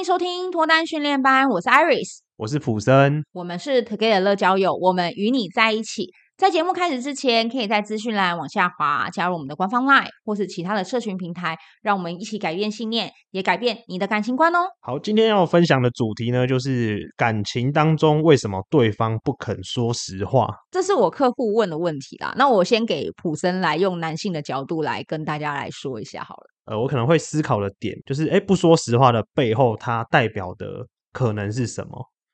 歡迎收聽脫單訓練班，我是 Iris，我是普森，我們是 Together 樂交友，我們與你在一起。在節目開始之前，可以在資訊欄往下滑加入我們的官方 LINE 或是其他的社群平台，讓我們一起改變信念，也改變你的感情觀哦。好，今天要分享的主題呢，就是感情當中為什麼對方不肯說實話。這是我客戶問的問題啦，那我先給普森來用男性的角度來跟大家來說一下好了。呃，我可能會思考的點就是，哎、欸，不說實話的背後，它代表的可能是什麼？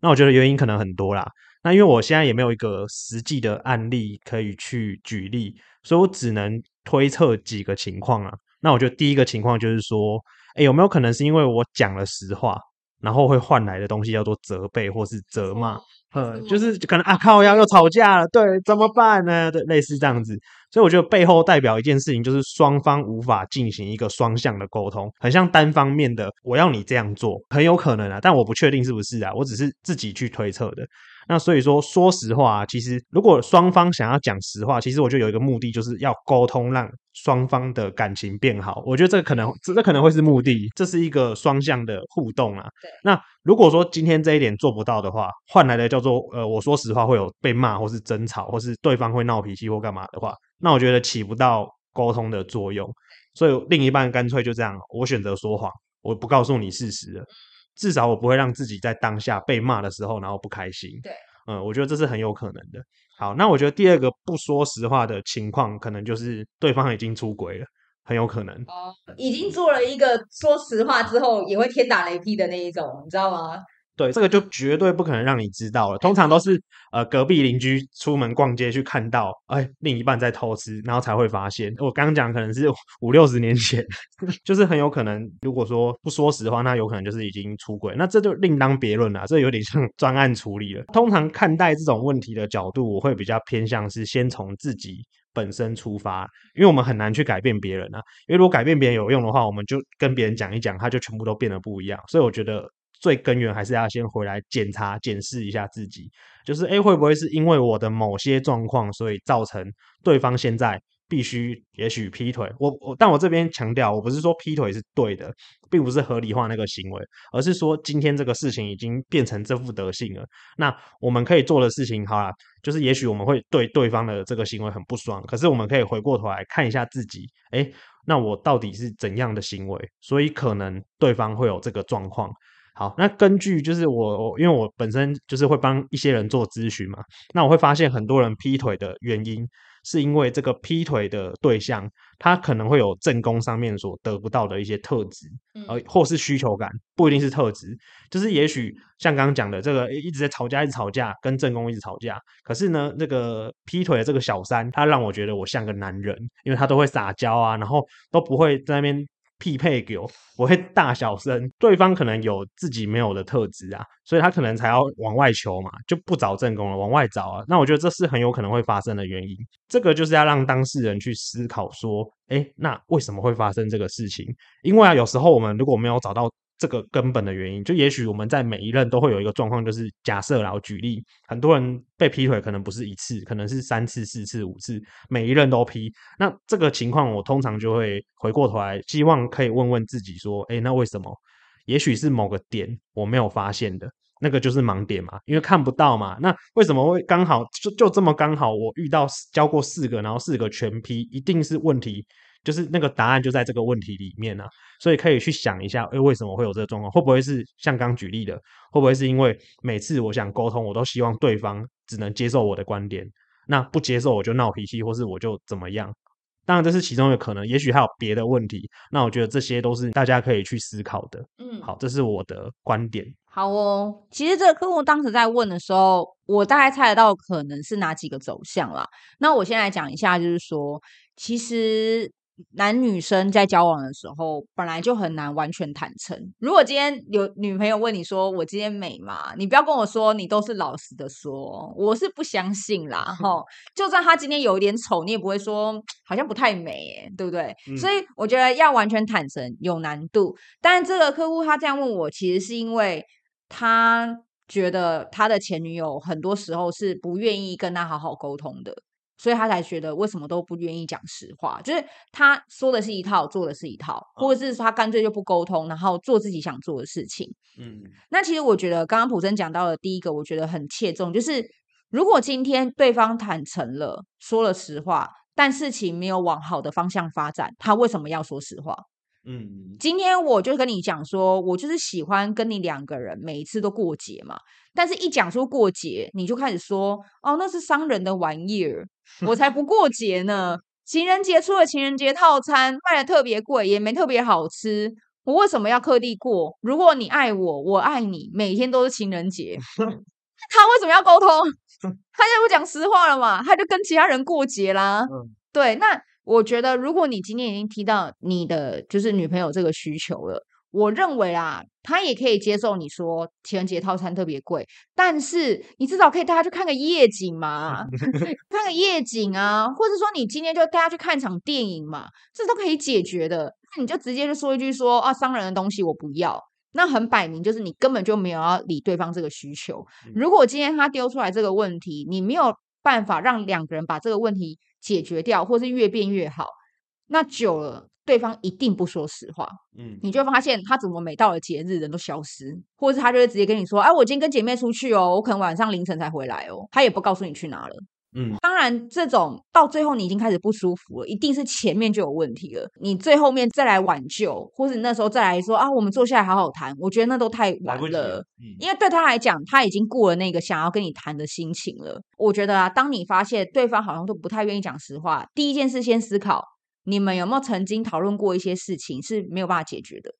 那我覺得原因可能很多啦。那因為我現在也沒有一個實際的案例可以去舉例，所以我只能推測幾個情況啊。那我覺得第一個情況就是說，哎、欸，有沒有可能是因為我講了實話，然後會換來的東西叫做責備或是責罵？哼麼、呃，就是可能啊，靠，又要吵架了，對，怎麼辦呢？對，類似這樣子。所以我覺得背後代表一件事情，就是雙方無法進行一個雙向的溝通，很像單方面的我要你這樣做，很有可能啊，但我不確定是不是啊，我只是自己去推測的。那所以說，說實話，其實如果雙方想要講實話，其實我就有一個目的就是要溝通，讓雙方的感情變好。我覺得這可能這，這可能會是目的，這是一個雙向的互動啊。對那如果說今天這一點做不到的話，換來的叫做呃，我說實話會有被罵，或是爭吵，或是對方會鬧脾氣或幹嘛的話，那我覺得起不到溝通的作用。所以另一半乾脆就這樣，我選擇說謊，我不告訴你事實了。至少我不會讓自己在當下被罵的時候，然後不開心。對，嗯，我覺得這是很有可能的。好，那我覺得第二個不說實話的情況，可能就是對方已經出軌了，很有可能。哦，已經做了一個說實話之後也會天打雷劈的那一種，你知道嗎？對，這個就絕對不可能讓你知道了。通常都是呃隔壁鄰居出門逛街去看到，哎，另一半在偷吃，然後才會發現。我剛剛講可能是五六十年前， 就是很有可能。如果說不說實話，那有可能就是已經出軌，那這就另當別論了。這有點像專案處理了。通常看待這種問題的角度，我會比較偏向是先從自己本身出發，因為我們很難去改變別人啊。因為如果改變別人有用的話，我們就跟別人講一講，他就全部都變得不一樣。所以我覺得。最根源還是要先回來檢查檢視一下自己，就是，欸，會不會是因為我的某些狀況，所以造成對方現在必須也許劈腿？我我但我這邊強調，我不是說劈腿是對的，並不是合理化那個行為，而是說今天這個事情已經變成這副德性了。那我們可以做的事情，好了，就是也許我們會對對方的這個行為很不爽，可是我們可以回過頭來看一下自己，欸，那我到底是怎樣的行為，所以可能對方會有這個狀況。好，那根據就是我，我，因為我本身就是會幫一些人做諮詢嘛，那我會發現很多人劈腿的原因，是因為這個劈腿的對象，他可能會有正宮上面所得不到的一些特質，呃，或是需求感，不一定是特質，就是也許像剛剛講的這個一直在吵架，一直吵架，跟正宮一直吵架，可是呢，那個劈腿的這個小三，他讓我覺得我像個男人，因為他都會撒嬌啊，然後都不會在那邊。匹配給我，我會大小聲。對方可能有自己沒有的特質啊，所以他可能才要往外求嘛，就不找正宮了，往外找啊。那我覺得這是很有可能會發生的原因。這個就是要讓當事人去思考說，哎、欸，那為什麼會發生這個事情？因為啊，有時候我們如果沒有找到。這個根本的原因，就也許我們在每一任都會有一個狀況，就是假設然後舉例，很多人被劈腿可能不是一次，可能是三次、四次、五次，每一任都劈。那這個情況，我通常就會回過頭來，希望可以問問自己說，誒，那為什麼？也許是某個點我沒有發現的，那個就是盲點嘛，因為看不到嘛。那為什麼會剛好就就這麼剛好，我遇到交過四個，然後四個全劈，一定是問題。就是那個答案就在這個問題裡面啊，所以可以去想一下，欸、為什麼會有這個狀況？會不會是像剛舉例的？會不會是因為每次我想溝通，我都希望對方只能接受我的觀點，那不接受我就鬧脾氣，或是我就怎麼樣？當然，這是其中的可能，也許還有別的問題。那我覺得這些都是大家可以去思考的。嗯，好，這是我的觀點。嗯、好哦，其實這個客戶當時在問的時候，我大概猜得到的可能是哪幾個走向啦。那我先來講一下，就是說，其實。男女生在交往的時候本來就很難完全坦誠。如果今天有女朋友問你說“我今天美嗎？”你不要跟我說你都是老實的說，我是不相信啦，哦、 就算他今天有一點醜，你也不會說好像不太美耶，對不對？嗯、所以我覺得要完全坦誠有難度。但是這個客戶他這樣問我，其實是因為他覺得他的前女友很多時候是不願意跟他好好溝通的。所以他才覺得為什麼都不願意講實話？就是他說的是一套，做的是一套，或者是他乾脆就不溝通，然後做自己想做的事情。嗯，那其實我覺得剛剛普森講到的，第一個我覺得很切中，就是如果今天對方坦誠了，說了實話，但事情沒有往好的方向發展，他為什麼要說實話？嗯，今天我就跟你講說，我就是喜歡跟你兩個人每一次都過節嘛，但是一講說過節，你就開始說哦，那是傷人的玩意兒。 我才不過節呢！情人節出了情人節套餐，賣的特別貴，也沒特別好吃。我為什麼要特地過？如果你愛我，我愛你，每天都是情人節。 他為什麼要溝通？他就不講實話了嘛，他就跟其他人過節啦。 對，那我覺得，如果你今天已經提到你的就是女朋友這個需求了。我認為啦，他也可以接受你說情人節套餐特別貴，但是你至少可以帶他去看個夜景嘛， 看個夜景啊，或者說你今天就帶他去看一場電影嘛，這都可以解決的。那你就直接就說一句說啊，傷人的東西我不要，那很擺明就是你根本就沒有要理對方這個需求。如果今天他丟出來這個問題，你沒有辦法讓兩個人把這個問題解決掉，或是越變越好，那久了。對方一定不說實話，嗯，你就發現他怎麼每到了節日人都消失，或者是他就會直接跟你說，哎，啊，我今天跟姐妹出去哦，我可能晚上凌晨才回來哦，他也不告訴你去哪了，嗯，當然這種到最後你已經開始不舒服了，一定是前面就有問題了，你最後面再來挽救，或是那時候再來說啊，我們坐下來好好談，我覺得那都太晚了。嗯，因為對他來講他已經過了那個想要跟你談的心情了。我覺得啊，當你發現對方好像都不太願意講實話，第一件事先思考，你們有沒有曾經討論過一些事情是沒有辦法解決的？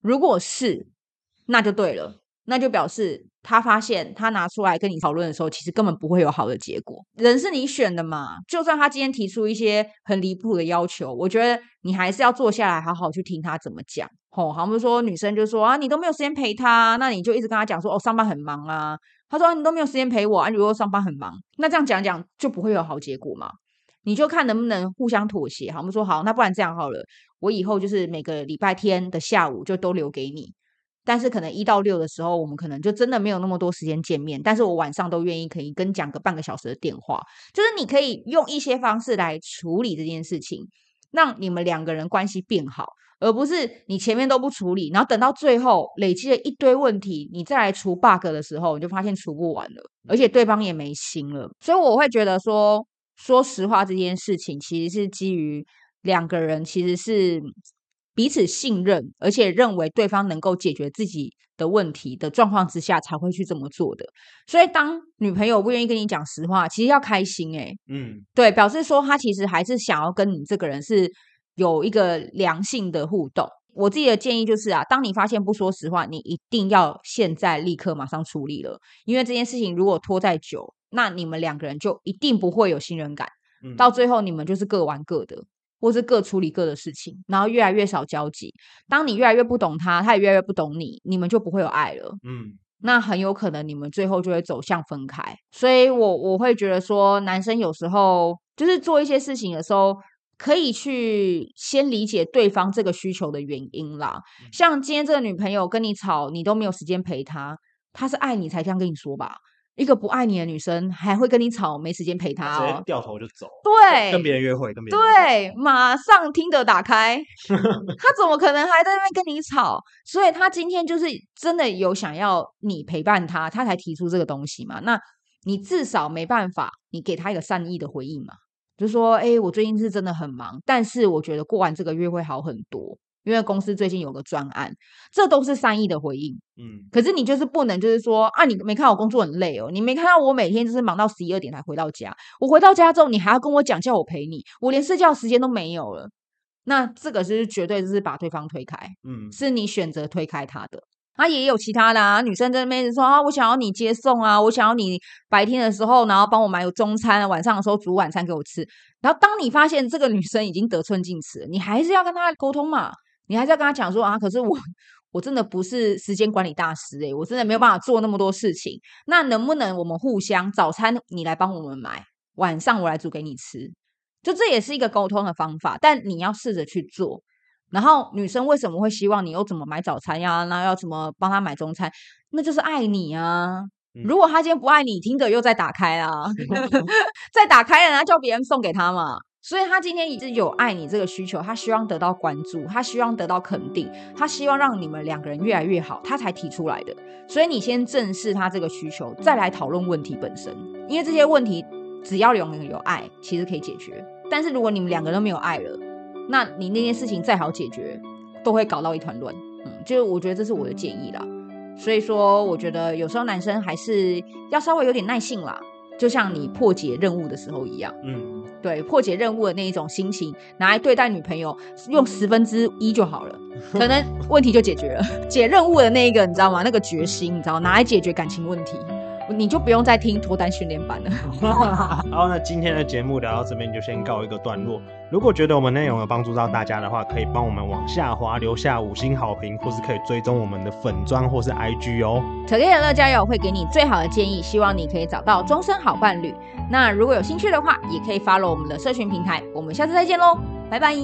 如果是，那就對了，那就表示他發現他拿出來跟你討論的時候，其實根本不會有好的結果。人是你選的嘛。就算他今天提出一些很離譜的要求，我覺得你還是要坐下來好好去聽他怎麼講。吼、哦，好比說女生就說啊，你都沒有時間陪他，那你就一直跟他講說哦，上班很忙啊。他說、啊、你都沒有時間陪我，啊，如果上班很忙，那這樣講講就不會有好結果嘛。你就看能不能互相妥協，好，我們說好，那不然這樣好了，我以後就是每個禮拜天的下午就都留給你，但是可能一到六的時候，我們可能就真的沒有那麼多時間見面，但是我晚上都願意可以跟講個半個小時的電話，就是你可以用一些方式來處理這件事情，讓你們兩個人關係變好，而不是你前面都不處理，然後等到最後累積了一堆問題，你再來除 bug 的時候，你就發現除不完了，而且對方也沒心了，所以我會覺得說。說實話，這件事情其實是基於兩個人其實是彼此信任，而且認為對方能夠解決自己的問題的狀況之下才會去這麼做的。所以，當女朋友不願意跟你講實話，其實要開心哎、欸，嗯，對，表示說她其實還是想要跟你這個人是有一個良性的互動。我自己的建議就是啊，當你發現不說實話，你一定要現在立刻馬上處理了，因為這件事情如果拖再久。那你們兩個人就一定不會有信任感，嗯、到最後你們就是各玩各的，或是各處理各的事情，然後越來越少交集。當你越來越不懂他，他也越來越不懂你，你們就不會有愛了。嗯，那很有可能你們最後就會走向分開。所以我，我我會覺得說，男生有時候就是做一些事情的時候，可以去先理解對方這個需求的原因啦。嗯、像今天這個女朋友跟你吵，你都沒有時間陪她，她是愛你才這樣跟你說吧？一個不愛你的女生還會跟你吵？沒時間陪她？哦，直接掉頭就走。對，跟，跟別人約會，跟別人約會。對，馬上聽得打開， 他怎麼可能還在那邊跟你吵？所以他今天就是真的有想要你陪伴他，他才提出這個東西嘛。那你至少沒辦法，你給他一個善意的回應嘛，就說：哎，我最近是真的很忙，但是我覺得過完這個月會好很多。因為公司最近有個專案，這都是善意的回應。嗯，可是你就是不能，就是說啊，你沒看我工作很累哦，你沒看到我每天就是忙到十一二點才回到家。我回到家之後，你還要跟我講叫我陪你，我連睡覺時間都沒有了。那這個是絕對就是把對方推開，嗯，是你選擇推開他的。他、啊、也有其他的啊，女生跟妹子說啊，我想要你接送啊，我想要你白天的時候然後幫我買有中餐，晚上的時候煮晚餐給我吃。然後當你發現這個女生已經得寸進尺，你還是要跟她溝通嘛。你還在跟他講說啊？可是我我真的不是時間管理大師誒、欸、我真的沒有辦法做那麼多事情。那能不能我們互相早餐你來幫我們買，晚上我來煮給你吃？就這也是一個溝通的方法，但你要試着去做。然後女生為什麼會希望你又怎麼買早餐呀？啊？那要怎麼幫她買中餐？那就是愛你啊！嗯，如果她今天不愛你，聽着又在打開啊，再打開，然後叫別人送給她嘛。所以他今天一直有愛你這個需求，他希望得到關注，他希望得到肯定，他希望讓你們兩個人越來越好，他才提出來的。所以你先正視他這個需求，再來討論問題本身。因為這些問題，只要兩個人有愛，其實可以解決。但是如果你們兩個都沒有愛了，那你那件事情再好解決，都會搞到一團亂。嗯，就是我覺得這是我的建議啦。所以說，我覺得有時候男生還是要稍微有點耐性啦。就像你破解任務的時候一樣，嗯，對，破解任務的那一種心情，拿來對待女朋友，用十分之一就好了，可能問題就解決了。 解任務的那一個，你知道嗎？那個決心，你知道，拿來解決感情問題。你就不用再聽脫單訓練班了 好。然後呢，今天的節目聊到這邊就先告一個段落。如果覺得我們內容有幫助到大家的話，可以幫我們往下滑留下五星好評，或是可以追蹤我們的粉專或是 IG 哦。Together 樂交友會給你最好的建議，希望你可以找到終身好伴侶。那如果有興趣的話，也可以 follow 我們的社群平台。我們下次再見嘍，拜拜。